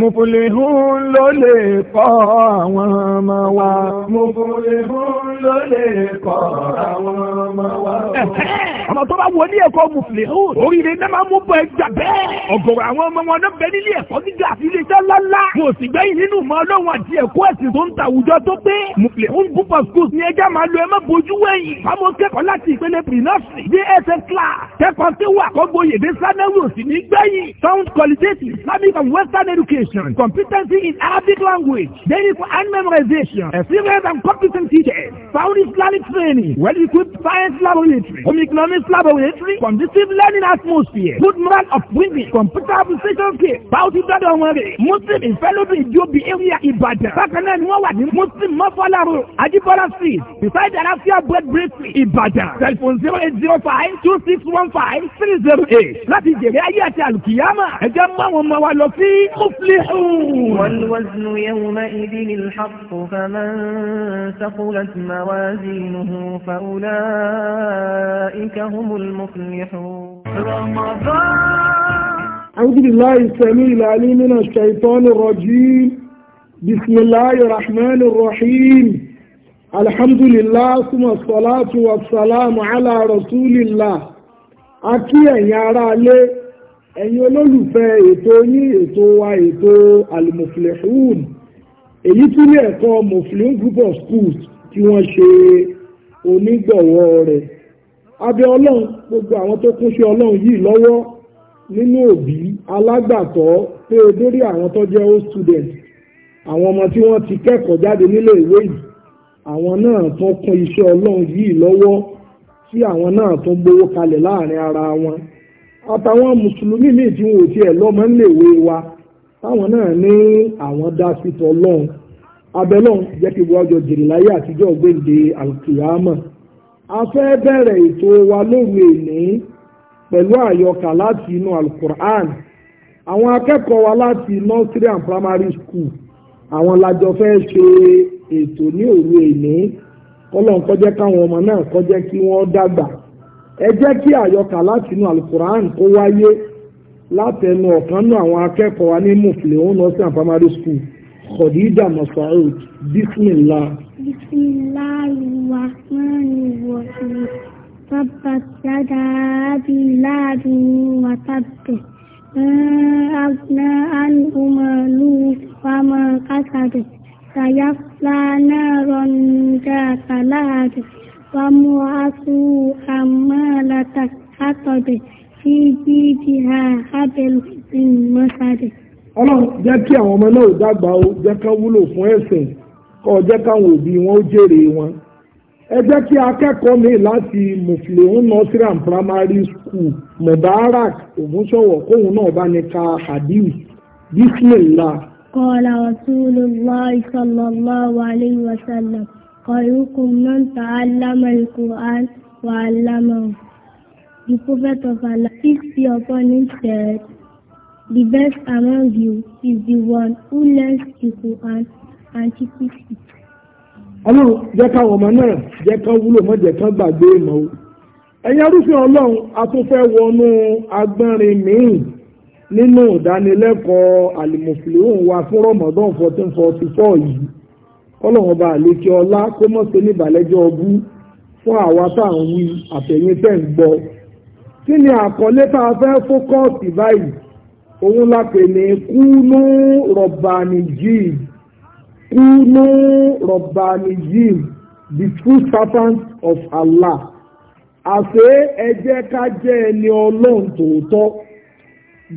Mùfúlihún ló lè kọ́ àwọn ọmọ wa. Mùfúlihún ló lè kọ́ àwọn ọmọ wa àwọn tó bá wọ ní ẹ̀kọ́ mùsùlùmí oríire náà máa mú bọ ẹgbà bẹ́ẹ̀ ọ̀gọ̀rọ̀ àwọn ọmọ wọn náà bẹ nílé ẹ̀kọ́ gíga àti iléeṣẹ́ ńláńlá mo sì gbẹ́yìn nínú ìmọ̀ ọlọ́run àti ẹ̀kọ́ ẹ̀sìn tó ń ta àwùjọ tó pé mùsùlùmí group of schools ni ẹja máa lo ẹ má wẹ̀yìn fáwọn kẹ́kọ̀ọ́ láti ìpele sound qualitative islamic and western education competency in arabic language daily for memorization experience and competent teachers sound islamic training well equipped science laboratory home slab with history, conducive learning atmosphere, good moral of women, computer application care, bounty dọ́dọ̀ wọn rè. Muslim ìfẹ́lódún ìjọbi area Ìbàdàn. Bákan náà ni wọ́n wà ní Muslim Mọ́fọ́lárò Ajíbọ́lá street beside Alafia bread bakery Ìbàdàn. Telephone zero eight zero five two six one five three zero eight. Láti jèrè ayé àti àlùkìyámà. Ẹ jẹ́ mú àwọn ọmọ wa lọ sí Muflihu. والوزن يومئذ الحق فمن ثقلت موازينه فأولئك هم المفلحون رمضان أعوذ بالله السميع العليم من الشيطان الرجيم بسم الله الرحمن الرحيم الحمد لله ثم الصلاة والسلام على رسول الله akí ẹ̀yin aráalé ẹ̀yin olólùfẹ́ ètò yín ètò wa ètò almuflihun èyí tún ní ẹ̀kọ́ muflihun group of schools tí wọ́n ṣe onígbọ̀wọ́ rẹ̀ abẹ́ ọlọ́run gbogbo àwọn tó kún sí ọlọ́run yìí lọ́wọ́ nínú òbí alágbàtọ́ pé o àwọn tó jẹ́ old student àwọn ọmọ tí wọ́n ti kẹ́kọ̀ọ́ jáde nílé ìwé yìí àwọn náà tó kún iṣẹ́ ọlọ́run yìí lọ́wọ́ tí àwọn náà tó gbowó kalẹ̀ láàrin ara wọn àtàwọn mùsùlùmí míì tí wọn ò tiẹ̀ lọ́mọ níléèwé wa táwọn náà ní àwọn dá sí tọ́lọ́run abẹ́lọ́run jẹ́ kí wọ́n jọ jèrè láyé àtijọ́ gbèǹde àlùkìyámà a fẹ́ bẹ̀rẹ̀ ètò wa lóru èní pẹ̀lú àyọkà láti inú alukur'an àwọn akẹ́kọ̀ọ́ wa láti nursery and primary school àwọn lajọ fẹ́ ṣe ètò ní òru èní kọ́lọ́n kọjẹ́ káwọn ọmọ náà kọjẹ́ kí wọ́n dàgbà ẹ jẹ́ kí àyọkà láti inú alukur'an kó wáyé látẹnu ọ̀kan náà àwọn akẹ́kọ̀ọ́ wa ní mufleon nursery and primary school Khadija Masoud bismillah. Bismillahirrahmanirrahim. Tabbat yada abi ladin wa tabbi. Ma aghna anhu maluhu wa ma kasab. Sayasla naran zata lahab. Wa mu'asu hammalatat hatab. Fi jidiha ọlọ́run jẹ́ kí àwọn ọmọ náà dàgbà ó jẹ́ ká wúlò fún ẹ̀sìn kọ́ jẹ́ káwọn òbí wọn ó jèrè wọn ẹ jẹ́ kí akẹ́kọ̀ọ́ mi láti mufleun nursery primary school mubarak ògúnṣọ̀wọ̀ kóun náà bá ní ka hadith bismillah. قال رسول الله صلى الله عليه وسلم خيركم من تعلم القرآن وعلمه. The Prophet of Allah, peace be upon him, said, The best among you is the one who learns the Quran and teaches it. Ọlọ́run jẹ́ ká ọmọ náà jẹ́ ká wúlò mọ́ jẹ́ ká gbàgbé ìmọ̀ o. Ẹ̀yin arúfin Ọlọ́run a tún fẹ́ wọnú agbọ́nrin míì nínú ìdánilẹ́kọ̀ọ́ àlìmọ̀fìlóhùn wa fún Ramadan fourteen forty four yìí. Ọlọ́run ọba àlékè ọlá kó mọ̀ sí níbàlẹ́jọ́ ọbú fún àwa tá à ń wí àtẹ̀yìn tẹ̀ ń gbọ́. Kí ni àkọlé tá a fẹ́ fókọ́ọ̀sì báyìí? òun la pè ní kúnú rọ̀bàníjìm kúnú rọ̀bàníjìm the true servant of Allah àṣé ẹ jẹ́ ká jẹ́ ẹni ọlọ́run tòótọ́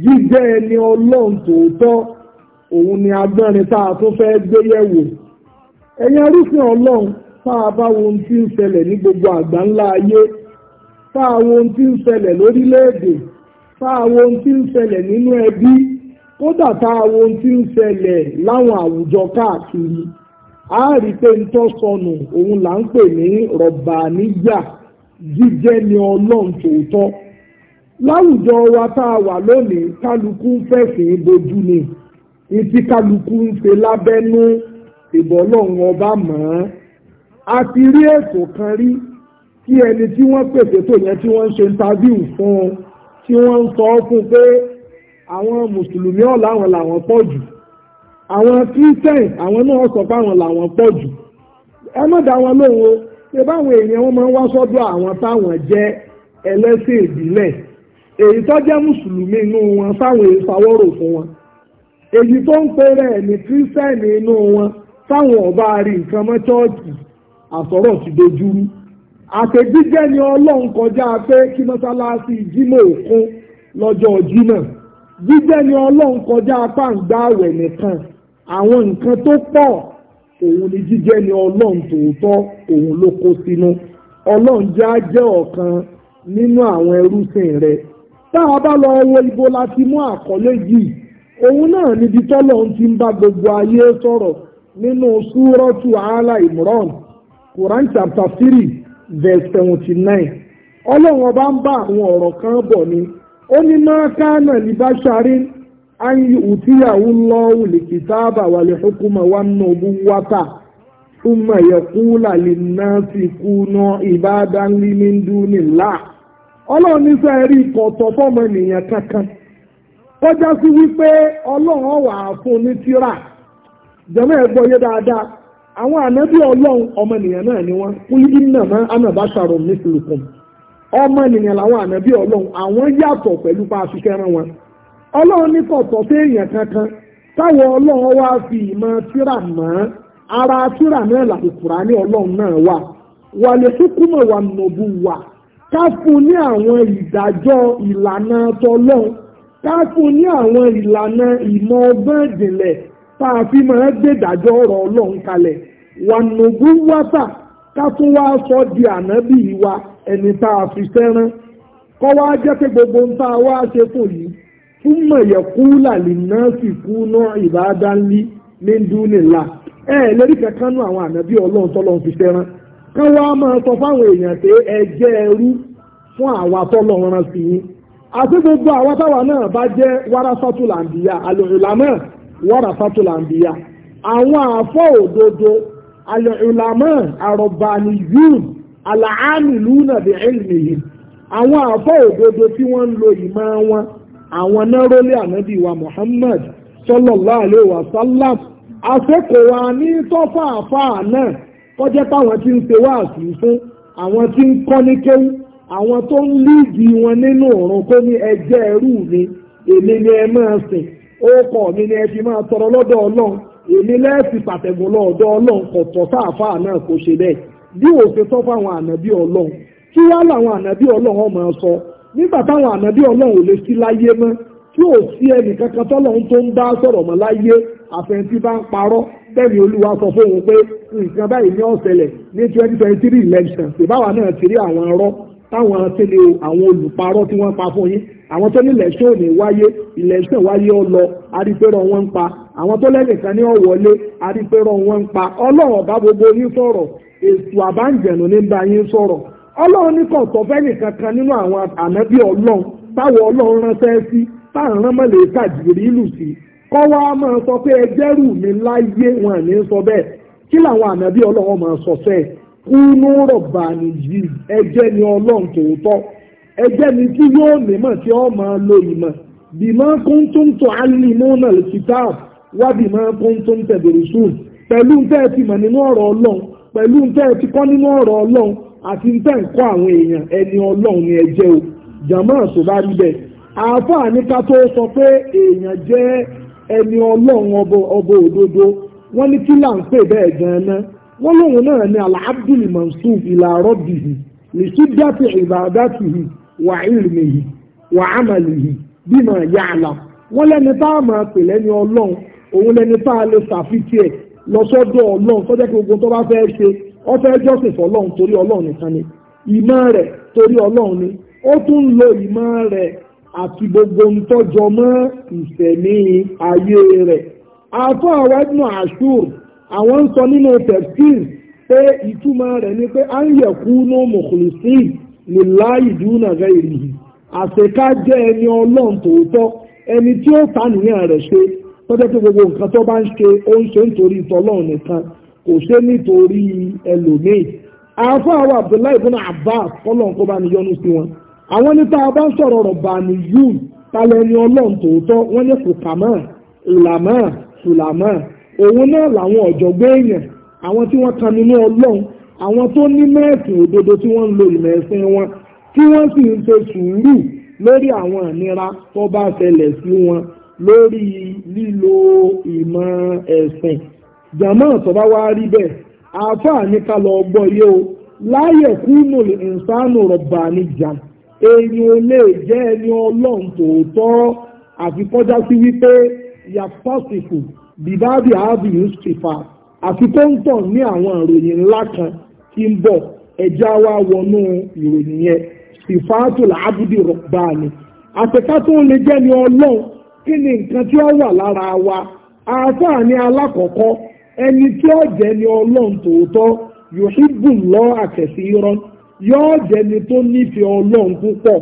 jíjẹ́ ẹni ọlọ́run tòótọ́ òun ni agbẹ́rin tá a tún fẹ́ gbé yẹ̀wò ẹ̀yin arúfin ọlọ́run tá a bá wo ohun tí ń ṣẹlẹ̀ ní gbogbo àgbáńlá ayé tá a wo ohun tí ń ṣẹlẹ̀ lórílẹ̀ tá a wo ohun tí ń ṣẹlẹ̀ nínú ẹbí kódà tá a ohun tí ń ṣẹlẹ̀ láwọn àwùjọ káàkiri a rí pé ń tọ́ sọnù òun là ń pè ní rọ̀bàníyà jíjẹ́ ni ọlọ́run tòótọ́ láwùjọ wa tá a wà lónìí kálukú ń fẹ̀sìn bojú ni ìtí kálukú ń ṣe lábẹ́nú ìbọ́lọ́run ọba mọ́ a ti rí ètò kan rí kí ẹni tí wọ́n pèsè tó yẹn tí wọ́n ń ṣe ń tabíù fún un tí wọ́n ń sọ fún pé àwọn mùsùlùmí ọ̀la àwọn làwọn pọ̀ jù àwọn christian àwọn náà sọ pé làwọn pọ̀ jù wọn lóhùn o báwọn èèyàn wọn máa ń wá sọ́dọ̀ àwọn táwọn jẹ́ ẹlẹ́sìn ìbílẹ̀ èyí tó jẹ́ mùsùlùmí inú wọn ìfawọ́rò fún wọn èyí tó ń pèrè ní wọn ọba àrí nǹkan mọ́ chọ́ọ̀tì àsọ̀rọ̀ àtẹ̀jíjẹ́ ni ọlọ́run kọjá pé kí mọ́sálásí jímọ̀ òkun lọ́jọ́ jímọ̀ jíjẹ́ ni ọlọ́run kọjá pàǹgbá àwẹ̀ nìkan àwọn nǹkan tó pọ̀ òun ni jíjẹ́ ni ọlọ́run tòótọ́ òun ló kó sínú ọlọ́run jẹ́ ọ̀kan nínú àwọn ẹrúsìn rẹ tá a bá lọ wo ibo la ti mú àkọlé yìí òun náà níbi ti ń bá gbogbo ayé sọ̀rọ̀ nínú súrọ́tù Imran Quran chapter three verse seventy ọlọ́run ọba ń bá àwọn ọ̀rọ̀ kan bọ̀ ni ó ní máa káánà ní báṣárí ayé òtíyàwó lọ́wọ́ lèkìtàbà wà lè hukuma wà nù bú wáta thumma yaqula lin-nasi kunu ibadan li min dunillah ọlọ́run ní sọ ẹ̀rí ikọ̀ fọ́mọ ènìyàn kankan kọjá sí wípé ọlọ́run wà fún ní tíra jẹ́mọ́ ẹ̀ gbọ́ yé dáadáa àwọn ànábì ọlọ́run ọmọnìyàn náà ni wọ́n kú iná mọ́ anabasaro nísìlùkùn ọmọnìyàn làwọn ànábì ọlọ́run àwọn yàtọ̀ pẹ̀lú bá a fi kẹ́ran wọn ọlọ́run ní kọ̀tọ̀ sí èèyàn kankan táwọn ọlọ́run wá fi ìmọ̀ tírà mọ́ ara tírà náà làkùkùrà ní ọlọ́run náà wà wàlẹ̀ fúnkúmọ̀ wà nùbù wà ká fún ní àwọn ìdájọ́ ìlànà tọlọ́run ká fún ní àwọn ìlànà ìmọ̀ ọgbọ́n ìjìnlẹ̀ tá a fi máa gbèdájọ́ ọ̀rọ̀ ọlọ́run kalẹ̀ wànùgú wátà ká tún wá sọ di ànábì wa ẹni tá a fi sẹ́rán kọ́ wá jẹ́ pé gbogbo ń tá a wá ṣe fò yìí fún mọ̀yẹ̀kú làlì náà sì kú náà ìbádánlí ní dúnìlá ẹ lórí kankan nú àwọn ànábì ọlọ́run tọ́lọ́run fi sẹ́rán ká wá máa sọ fáwọn èèyàn pé ẹ jẹ́ ẹrú fún àwa tọ́lọ́run sí yín àti gbogbo àwa táwa náà bá jẹ́ wárásátùlàǹdìyà àlòrìlà náà wọ́rà fátólà ń bíyà àwọn àfọ́ òdodo alẹ́ìlàmọ́ àrọ̀bàní yún aláàmìlú nàbí ẹ̀lìmìyì àwọn àfọ́ òdodo tí wọ́n ń lo ìmọ̀ wọn àwọn nárólé ànábì wa Muhammad sallallahu alaihi wa sallam àfẹ́kọ̀ọ́ ní tọ́fà àfáà náà kọjá táwọn tí ń ṣe wáàsí fún àwọn tí ń kọ́ ní kéwú àwọn tó ń líìgì wọn nínú ọ̀run kó ní ẹjẹ́ ẹrú mi èmi ni ẹ máa sìn ókọ̀ mi ni ẹ fi máa tọrọ lọ́dọ̀ ọlọ́run èmi lẹ́ẹ̀sì pàtẹ́gùn lọ́dọ̀ ọlọ́run kò tọ́ sáàfáà náà kò ṣe bẹ́ẹ̀ bí òfin sọ fáwọn ànábì ọlọ́run kí wá làwọn ànábì ọlọ́run ọmọ sọ nígbà táwọn ànábì ọlọ́run ò lè sí láyé mọ tí ò sí ẹnì kankan tọ́lọ́run tó ń bá sọrọ mọ láyé àfẹ̀ntì bá ń parọ bẹẹni olúwa sọ fóun pé nǹkan báyìí ní ọ̀sẹ̀lẹ̀ ní twenty twenty three election ìbáwa náà ti rí àwọn ọ̀rọ̀ táwọn tẹ́lẹ̀ àwọn olùparọ́ tí wọ́n pa fún yín àwọn tó ní election ní wáyé election wáyé ó lọ arípẹ́rọ wọn ń pa àwọn tó lẹ́nìkan ní ọ̀wọ́lé arípẹ́rọ wọn ń pa ọlọ́run bá gbogbo yín sọ̀rọ̀ ètò àbáǹjẹ̀nù ní bá yín sọ̀rọ̀ ọlọ́run ní kò sọ fẹ́ nìkan kan nínú àwọn ànábì ọlọ́run táwọn ọlọ́run ránṣẹ́ sí táwọn rán mọ́lẹ̀ kàjìrì ìlú sí kọ́ wá máa sọ pé ẹgbẹ́rù mi láyé wọn ní sọ bẹ́ẹ̀ kí làwọn ànábì ọlọ́run máa sọ fẹ́ẹ̀ kúnú rọ̀bà nìyí ẹjẹ́ ni ọlọ́run tòótọ́ ẹjẹ́ ni tí yóò nímọ̀ tí ó máa lo ìmọ̀ bímọ kúntùn tó alimọ́nà lẹ́sítà wá bímọ kúntùn tẹ̀bẹ̀rẹ̀sùn pẹ̀lú ntẹ́ ti mọ̀ nínú ọ̀rọ̀ ọlọ́run pẹ̀lú ntẹ́ ti kọ́ nínú ọ̀rọ̀ ọlọ́run àti ntẹ́ ń kọ́ àwọn èèyàn ẹni ọlọ́run ni ẹjẹ́ o jàmọ́ àṣọ bá rí bẹ́ẹ̀ àáfàá ní ká tó sọ pé èèyàn jẹ́ ẹni ọlọ́run ọbọ̀ òdodo wọ́n ní kí là ń pè bẹ́ẹ̀ gan-an náà wọ́n lóun náà ní alabdul mansub ila rabbihi lìṣídàtì ìbàdàtìhì wà ìrìnìhì wà àmàlìhì bímọ yàlà wọ́n lẹ́ni tá a máa pè lẹ́ni ọlọ́run òun lẹ́ni tá a lè ṣàfihàn ẹ̀ lọ́sọ́dọ̀ ọlọ́run tó jẹ́ kí gbogbo tó bá fẹ́ ṣe ó fẹ́ jọ́sìn fọlọ́run torí ọlọ́run nìkan ni ìmọ̀ rẹ̀ torí ọlọ́run ni ó tún lo ìmọ̀ rẹ̀ àti gbogbo ntọ́jọ mọ́ ìṣẹ̀mí àwọn ń sọ nínú tẹ̀síìl pé ìtumọ̀ rẹ̀ ni pé à ń yẹ̀kú ní mùkùlùsí ní láì dúnà rẹ̀ ìrìhì àṣekà jẹ́ ẹni ọlọ́run tòótọ́ ẹni tí ó tànìyàn rẹ̀ ṣe tọ́jọ́ pé gbogbo nǹkan tó bá ń ṣe ó ń ṣe nítorí tọ́lọ́run nìkan kò ṣe nítorí ẹlòmíì àáfà àwọn Abdullahi ibùnà Abbas kọ́lọ́n kó bá ní yọnu sí wọn àwọn nípa bá ń sọ̀rọ̀ rọ̀bà ní yúù talẹ̀ ọlọ́run tòótọ́ wọ́n ní kùkàmọ́ ìlàmọ́ sùlàmọ́ òun náà làwọn ọ̀jọ̀gbọ́n èèyàn àwọn tí wọ́n kan nínú ọlọ́run àwọn tó ní mẹ́ẹ̀sìn òdodo tí wọ́n ń lo ìmọ̀ ẹ̀sìn wọn tí wọ́n sì ń ṣe sùúrù lórí àwọn ìnira tó bá ṣẹlẹ̀ sí wọn lórí lílo ìmọ̀ ẹ̀sìn jàmọ́ tó bá wá rí bẹ́ẹ̀ àáfàá ní ká lọ gbọ́ yé o láyẹ̀ kúnnù ìsánù rọ̀bà níjà èyí ò lè jẹ́ ẹni ọlọ́run tòótọ́ àfikọ́já sí wípé yàtọ̀ sìkù bíbáàbí àábì yusufa àfi tó ń tàn ní àwọn ìròyìn ńlá kan tí ń bọ̀ ẹja wa wọnú ìròyìn yẹn sifaatu làábùdì rọ̀bàní àtẹ̀ká tó ń lè jẹ́ ni ọlọ́run kí ni nǹkan tí ó wà lára wa àáfàá ní alákọ̀ọ́kọ́ ẹni tí ó jẹ́ ni ọlọ́run tòótọ́ yòóṣìbù lọ àkẹ́sí irán yóò jẹ́ ni tó nífẹ̀ẹ́ ọlọ́run púpọ̀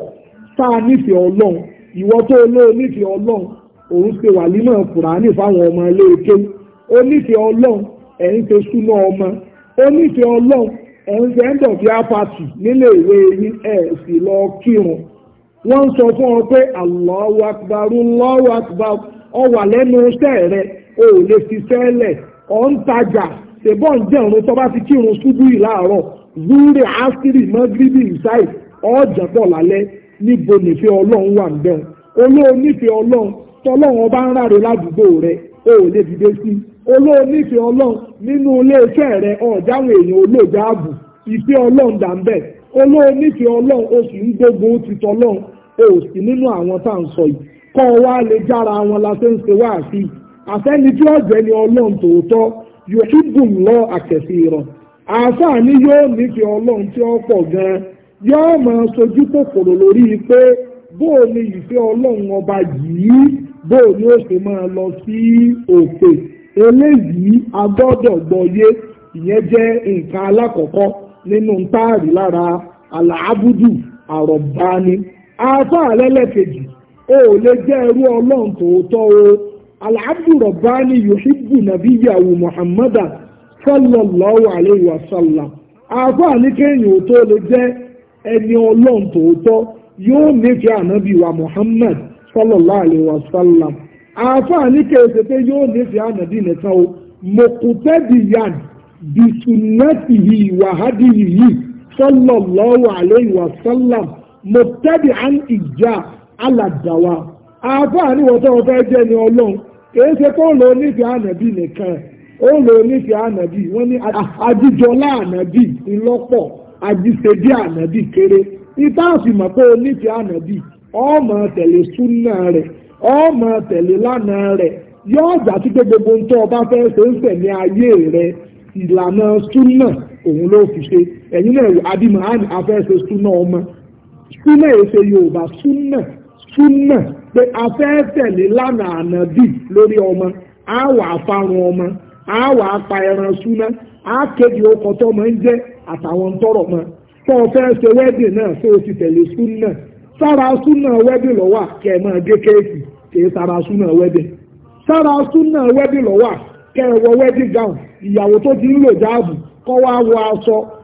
tá a nífẹ̀ẹ́ ọlọ́run ìwọ tó olóò nífẹ̀ẹ́ ọlọ́run òun ṣe wà nínú Kùránì fáwọn ọmọ ilé ike ó nífẹ̀ẹ́ ọlọ́run ẹ̀ ń ṣe súná ọmọ ó nífẹ̀ẹ́ ọlọ́run ẹ̀ ń ṣe end of year party nílé ìwé yín ẹ̀ sì lọ kírun wọ́n ń sọ fún ọ pé Allahu Akbar Allahu Akbar ọ wà lẹ́nu iṣẹ́ rẹ o ò lè fi sẹ́lẹ̀ ọ̀ ń tajà ṣèbọ̀ ń jẹun tó bá ti kírun ṣubú yìí láàárọ̀ zúrì áṣírì mọ́gíríbì ìsáì ọ̀jẹ̀pọ̀ lálẹ́ níbo nífẹ̀ẹ́ ọlọ́run wà ń bẹ̀rù olóò nífẹ̀ẹ́ ọlọ́run tọ́lọ́wọ́n bá ń ráre ládùúgbò rẹ o ò lè dìde sí olóònífẹ́ ọlọ́run nínú iléeṣẹ́ rẹ ọ̀jáwọn èèyàn olóòjà ààbò ìfẹ́ ọlọ́run dà ń bẹ̀ olóònífẹ́ ọlọ́run o sì ń gbógun ti tọ́lọ́run o sì nínú àwọn tá à ń sọ yìí kọ́ wa lè jára wọn la ṣe ń ṣe wá sí i àfẹ́ni tí ọ̀jẹ̀ ni ọlọ́run tòótọ́ yòókì bùn lọ àkẹ́sí rọ àǹfààní yóò nífẹ̀ẹ́ ọlọ́run tí ó pọ̀ bóò ni ó ṣe máa lọ sí òkè eléyìí a gbọ́dọ̀ gbọ́yé ìyẹn jẹ́ nǹkan alákọ̀ọ́kọ́ nínú táàrí lára àlàábùdù afọ afá àlẹ́lẹ́kejì o le lè jẹ́ ẹrú ọlọ́run tòótọ́ o àlàábùdù rọ̀báni yuhibbu nàbíyàwó muhammadu sallallahu alayhi wa sallam ò tó lè jẹ́ ẹni ọlọ́run tòótọ́ yóò nífẹ̀ẹ́ wa sallallahu alaihi wa sallam àáfàá ní kèrèsè pé yóò nífẹ̀ẹ́ ànàbí nìkan o mọ̀kútẹ́bìyàn bìtùnẹ́tìhì wàhádìhì sallallahu alaihi wa sallam mọ̀tẹ́bì àn ìjà aládàwà àáfàá ní wọ́tọ́ ọ̀fẹ́ jẹ́ ni ọlọ́run kèrèsè kó lò nífẹ̀ẹ́ ànàbí nìkan ó lò nífẹ̀ẹ́ ànàbí wọ́n ní àjíjọlá ànàbí ńlọ́pọ̀ àjíṣedí ànàbí kéré ìtààfin mọ̀ pé onífẹ̀ẹ́ ànàbí ọmọ tẹ̀lé súnà rẹ̀ ọmọ tẹ̀lé lánà rẹ̀ yóò jà sí pé gbogbo ń tọ́ ọba fẹ́ ṣe ń sẹ̀mí ayé rẹ̀ ìlànà súnà òun ló fi ṣe ẹ̀yin náà adimọ̀ àmì afẹ́ṣe súnà ọmọ súnà èṣe yorùbá súnà súnà pé afẹ́ tẹ̀lé lánà ànàbì lórí ọmọ á wà fárun ọmọ á wà pa ẹran súnà á ọkọ̀ tó máa ń jẹ́ àtàwọn tọrọ mọ́ tó o ṣe wẹ́dìn náà ṣé o ti tẹ̀lé súnà sára súnà wẹ́bì lọ́wà kẹ́ máa gé kéèkì kìí sára súnà wẹ́bì sára súnà wẹ́bì lọ́wà kẹ́ wọ wẹ́bì gáùn ìyàwó tó ti ń lò jáàbù kọ́ wá wọ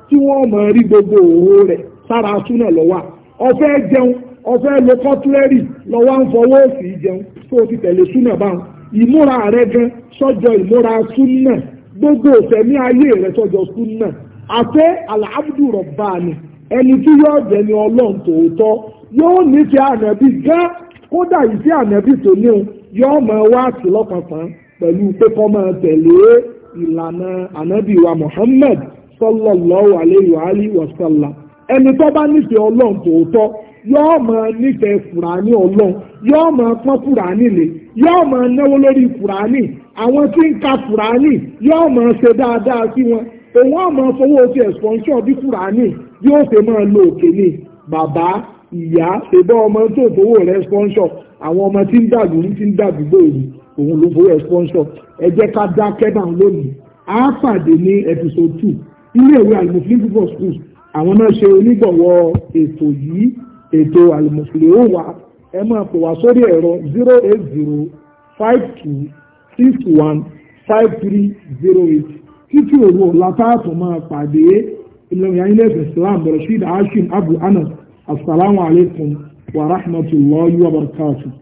tí wọ́n máa rí gbogbo òwò rẹ̀ sára súnà lọ́wà ọ̀fẹ́ jẹun ọ̀fẹ́ lo kọ́túrẹ́rì lọ́wọ́ ń fọwọ́ òsì jẹun tó ti tẹ̀lé súnà báwọn ìmúra rẹ gbogbo ayé rẹ sọ́jọ́ súnà àfẹ́ ẹni tí yóò jẹ́ ni ọlọ́run tòótọ́ yóò nífẹ̀ẹ́ ànábì gán kódà ìfẹ́ ànábì tó ní òun yóò máa wá sí lọ́kànkan pẹ̀lú pé kó máa tẹ̀lé ìlànà ànábì wa Muhammad sallallahu alayhi wa alihi wa sallam ẹni tó bá nífẹ̀ẹ́ ọlọ́run tòótọ́ yóò máa nífẹ̀ẹ́ fúrání ọlọ́run yóò máa pọ́n fúrání lè yóò máa náwó lórí fúrání àwọn tí ń ka fúrání yóò máa ṣe dáadáa sí wọn òun á máa fowó ti ẹ̀sọ́ ń ṣọ́ bí fúrání yóò ṣe máa lo òkè ni bàbá ìyá ṣèbá ọmọ tó fowó rẹ spọ́nṣọ̀ àwọn ọmọ tí ń dàlú tí ń dàdúgbò yìí òun ló fowó rẹ spọ́nṣọ̀ ẹ jẹ́ ká dákẹ́ náà lónìí á pàdé ní episode two iléèwé alimuslim people schools àwọn náà ṣe onígbọ̀wọ́ ètò yìí ètò alimuslim ó wà ẹ máa pè wá sórí ẹ̀rọ zero eight zero five two six one five three zero eight títí òru ọ̀la táàtù máa pàdé ìlọ́rin ayélujára islam rasheed hashim abu anas asalaamu alaykum wa rahmatulahi wa barakatuh.